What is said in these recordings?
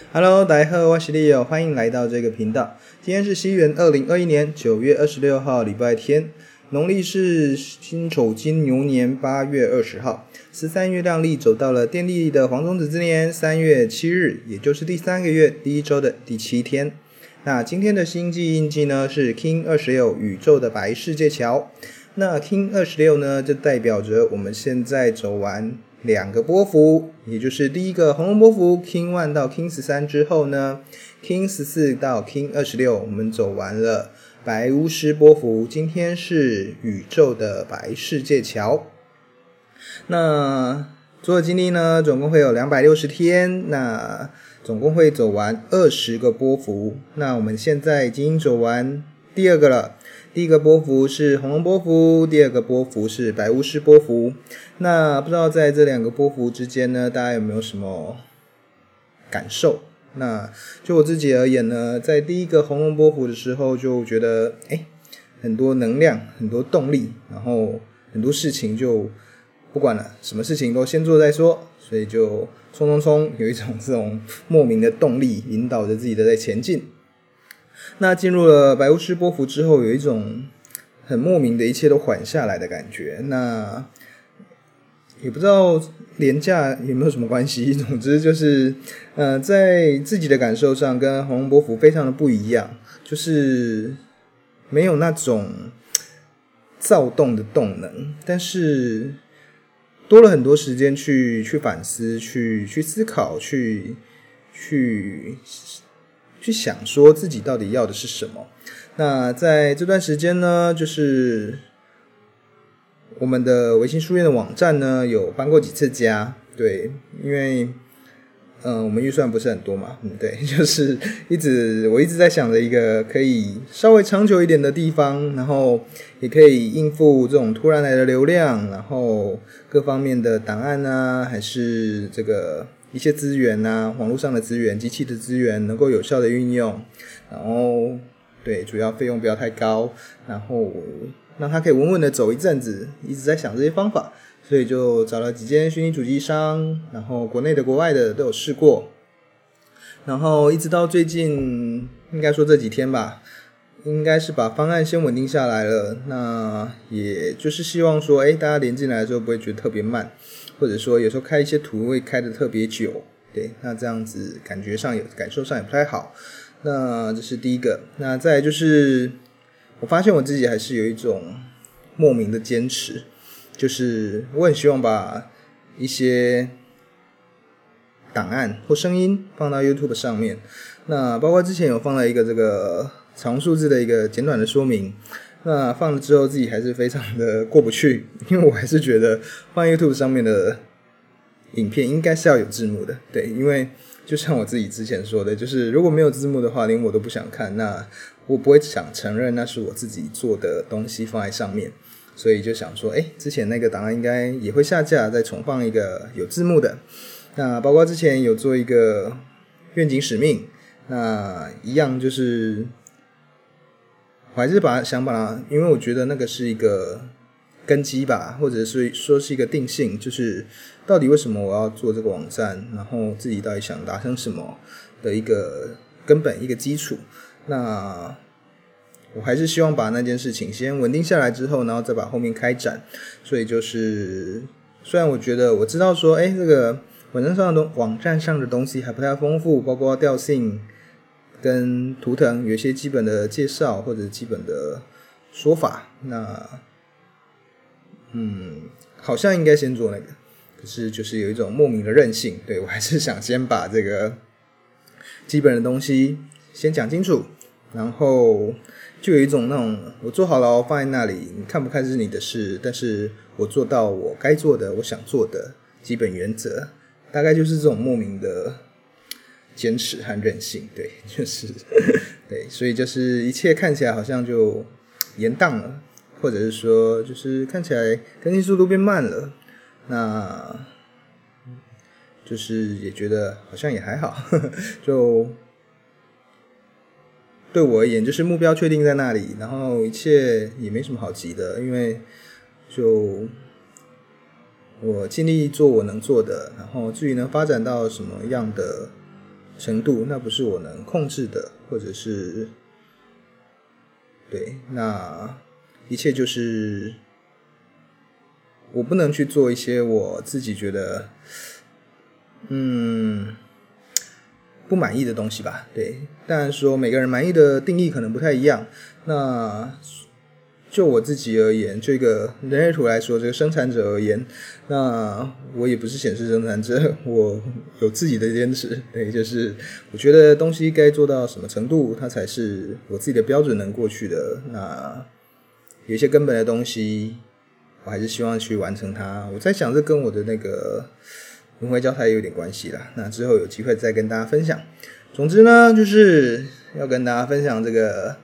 哈嘍，Hello, 大家好，我是 Leo，歡迎來到這個頻道。今天是西元二零二一年九月二十六號，禮拜天，農曆是辛丑金牛年八月二十號，十三月亮曆走到了電力的黃種子之年三月七日，也就是第三個月第一周的第七天。那今天的星際印記呢是 KIN 二十六宇宙的白世界橋。那 KIN 二十六呢，就代表着我們現在走完。兩個波幅，也就是第一個紅龍波幅，KIN One 到 KIN 十三之後呢，KIN 十四到 KIN 二十六，我們走完了白巫師波幅。今天是宇宙的白世界橋。那所有經歷呢，總共會有兩百六十天，那總共會走完二十個波幅。那我們現在已經走完。第二個了，第一個波幅是紅龍波幅，第二個波幅是白巫師波幅。那不知道在這兩個波幅之間呢，大家有沒有什麼感受？那就我自己而言呢，在第一個紅龍波幅的時候，就覺得哎、欸，很多能量，很多動力，然後很多事情就不管了，什麼事情都先做再說，所以就冲冲冲，有一種這種莫名的動力引導着自己的在前進。那進入了白巫師波符之後，有一種很莫名的一切都緩下來的感覺。那也不知道廉價有沒有什麼關係？總之就是，呃，在自己的感受上跟紅波符非常的不一樣，就是沒有那種躁動的動能，但是多了很多時間去去反思、去去思考、去去。去想說自己到底要的是什麼。那在這段時間呢，就是我們的維新書院的網站呢，有搬過幾次家。對，因為嗯、呃，我們預算不是很多嘛，嗯，對，就是一直我一直在想着一個可以稍微長久一點的地方，然後也可以應付這種突然來的流量，然後各方面的檔案呢、啊，還是這個。一些資源吶、啊，網絡上的資源、機器的資源能夠有效的運用，然後對主要費用不要太高，然後讓他可以穩穩的走一陣子。一直在想這些方法，所以就找了幾間虛擬主機商，然後國內的、國外的都有試過，然後一直到最近，應該說這幾天吧，應該是把方案先穩定下來了。那也就是希望說，誒、欸，大家連進來的時候不會覺得特別慢。或者說，有時候開一些圖會開得特別久，對，那這樣子感覺上也感受上也不太好。那這是第一個。那再來就是，我發現我自己還是有一種莫名的堅持，就是我很希望把一些檔案或聲音放到 YouTube 上面。那包括之前有放了一個這個長數字的一個簡短的說明。那放了之後自己還是非常的過不去，因為我還是覺得放 YouTube 上面的影片應該是要有字幕的，對，因為就像我自己之前說的，就是如果沒有字幕的話，連我都不想看，那我不會想承認那是我自己做的東西放在上面，所以就想說，哎、欸，之前那個檔案應該也會下架，再重放一個有字幕的。那包括之前有做一個願景使命，那一樣就是。我還是把想把它，因為我覺得那個是一個根基吧，或者是說是一個定性，就是到底為什麼我要做這個網站，然後自己到底想達成什麼的一個根本一個基礎。那我還是希望把那件事情先穩定下來之後，然後再把後面開展。所以就是，雖然我覺得我知道說，哎、欸，這個網站上的，網站上的東西還不太豐富，包括調性。跟圖騰有一些基本的介紹或者基本的說法，那嗯，好像應該先做那個，可是就是有一種莫名的任性，對，我還是想先把這個基本的東西先講清楚，然後就有一種那種我做好了，我放在那裡，你看不看是你的事，但是我做到我該做的，我想做的基本原則，大概就是這種莫名的。堅持和任性，對，就是，對，所以就是一切看起來好像就延宕了，或者是說就是看起來更新速度變慢了，那，就是也覺得好像也還好，就對我而言，就是目標確定在那裡，然後一切也沒什麼好急的，因為就我盡力做我能做的，然後至於能發展到什麼樣的。程度，那不是我能控制的，或者是，對，那一切就是我不能去做一些我自己覺得，嗯，不滿意的東西吧。對，但是說每個人滿意的定義可能不太一樣。那。就我自己而言，這個人類圖來說，這個生產者而言，那我也不是顯示生產者，我有自己的堅持，對，就是我覺得東西該做到什麼程度，它才是我自己的標準能過去的。那有一些根本的東西，我還是希望去完成它。我在想，這跟我的那個輪迴交叉有點關係啦，那之後有機會再跟大家分享。總之呢，就是要跟大家分享這個。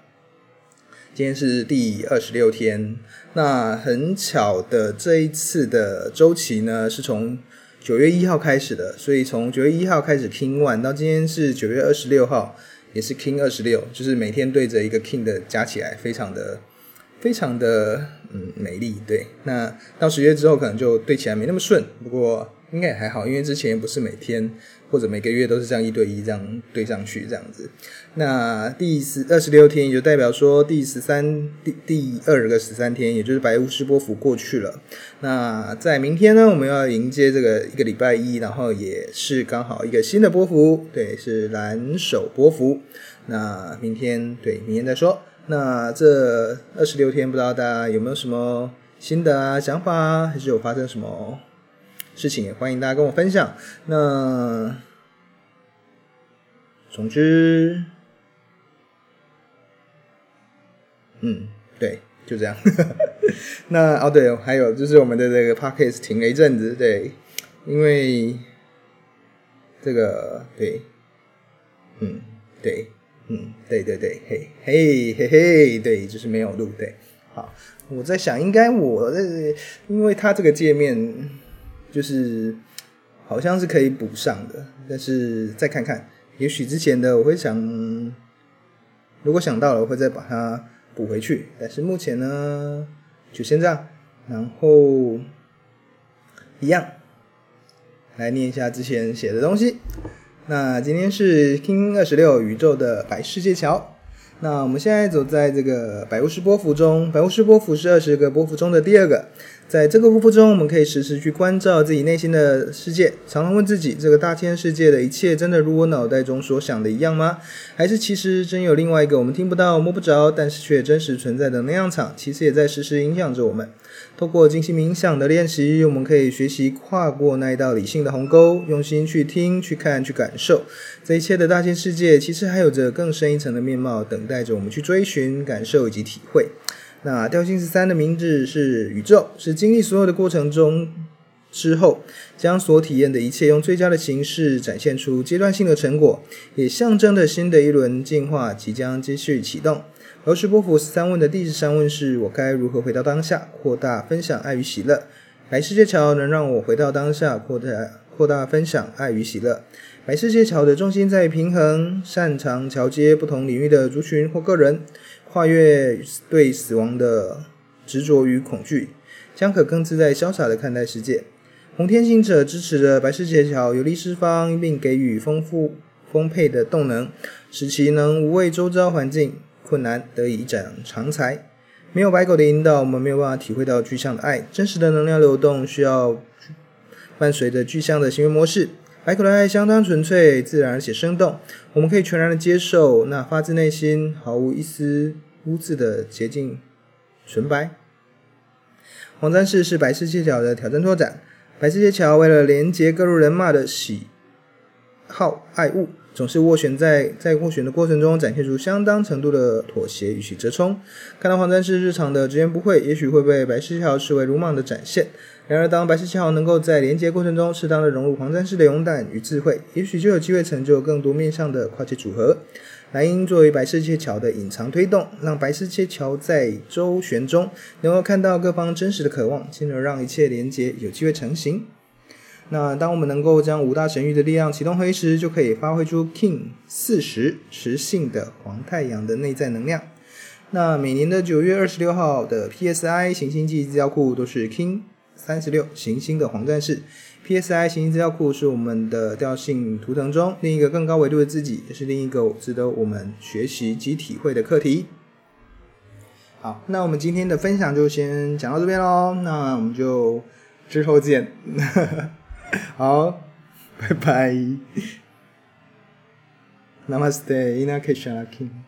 今天是第二十六天，那很巧的這一次的周期呢，是從九月一號開始的，所以從九月一號開始 KIN One 到今天是九月二十六號，也是 KIN 二十六，就是每天對着一個 KIN 的加起來，非常的非常的嗯美麗，對。那到十月之後可能就對起來沒那麼順，不過。應該也還好，因為之前不是每天或者每個月都是這樣一對一這樣對上去這樣子。那第十二十六天也就代表說第十三第第二個十三天，也就是白巫師波符過去了。那在明天呢，我們要迎接這個一個禮拜一，然後也是剛好一個新的波符，對，是藍手波符。那明天對明天再說。那這二十六天，不知道大家有沒有什麼新的想法，還是有發生什麼？事情也歡迎大家跟我分享。那總之，嗯，對，就這樣。 那哦，對，還有就是我們的這個 podcast 停了一陣子，對，因為這個，對，嗯，對，嗯，對，對對，嘿，嘿，嘿嘿，對，就是沒有錄，對。好，我在想應我，應該我這，因為他這個界面。就是好像是可以補上的，但是再看看，也許之前的我會想，如果想到了，我會再把它補回去。但是目前呢，就先這樣。然後一樣，來念一下之前寫的東西。那今天是 KIN 二十六宇宙的白世界橋。那我們現在走在這個白巫師波幅中，白巫師波幅是二十個波幅中的第二個。在這個護膚中，我們可以時時去關照自己內心的世界，常常問自己：這個大千世界的一切，真的如我腦袋中所想的一樣嗎？還是其實真有另外一個我們聽不到、摸不着，但是却真實存在的能量場，其實也在時時影響着我們。通過精心冥想的練習，我們可以學習跨過那一道理性的鴻溝，用心去聽、去看、去感受這一切的大千世界。其實還有着更深一層的面貌，等待着我們去追尋、感受以及體會。那調性十三的名字是宇宙，是經歷所有的過程中之後，將所體驗的一切用最佳的形式展現出階段性的成果，也象徵着新的一輪進化即將繼續啟動。而荷西博士十三問的第十三問是我該如何回到當下，擴大分享愛與喜樂。白世界橋能讓我回到當下，擴大擴大分享愛與喜樂。白世界橋的重心在於平衡，擅長橋接不同領域的族群或個人。跨越對死亡的執着與恐懼，將可更自在瀟灑地看待世界。紅天行者支持着白世界橋，有力釋放並給予豐富豐沛的動能，使其能無畏周遭環境困難，得以一展長才。沒有白狗的引導，我們沒有辦法體會到具象的愛。真實的能量流動需要伴隨着具象的行為模式。白狗的愛相當純粹、自然而且生動，我們可以全然的接受那發自內心、毫無一絲。污漬的潔淨，純白。黃戰士是白世界橋的挑戰拓展。白世界橋為了連接各路人馬的喜好愛物，總是斡旋在，在斡旋的過程中，展現出相當程度的妥協與其折衝。看到黃戰士日常的直言不諱，也許會被白世界橋視為魯莽的展現。然而，當白世界橋能夠在連接過程中適當的融入黃戰士的勇敢與智慧，也許就有機會成就更多面向的跨界組合。藍鷹作為白世界橋的隱藏推動，讓白世界橋在周旋中能夠看到各方真實的渴望，進而讓一切連結有機會成型。那當我們能夠將五大神諭的力量啟動黑石，就可以發揮出 KIN 四十磁性的黃太陽的內在能量。那每年的九月二十六號的 PSI 行星記憶資料庫都是 KIN 三十六行星的黃戰士。P.S.I 行星資料庫是我們的調性圖騰中另一個更高維度的自己，也是另一個值得我們學習及體會的課題。好，那我們今天的分享就先講到這邊嘍。那我們就之後見。 好，拜拜。Namaste，In Lak'ech Ala K'in。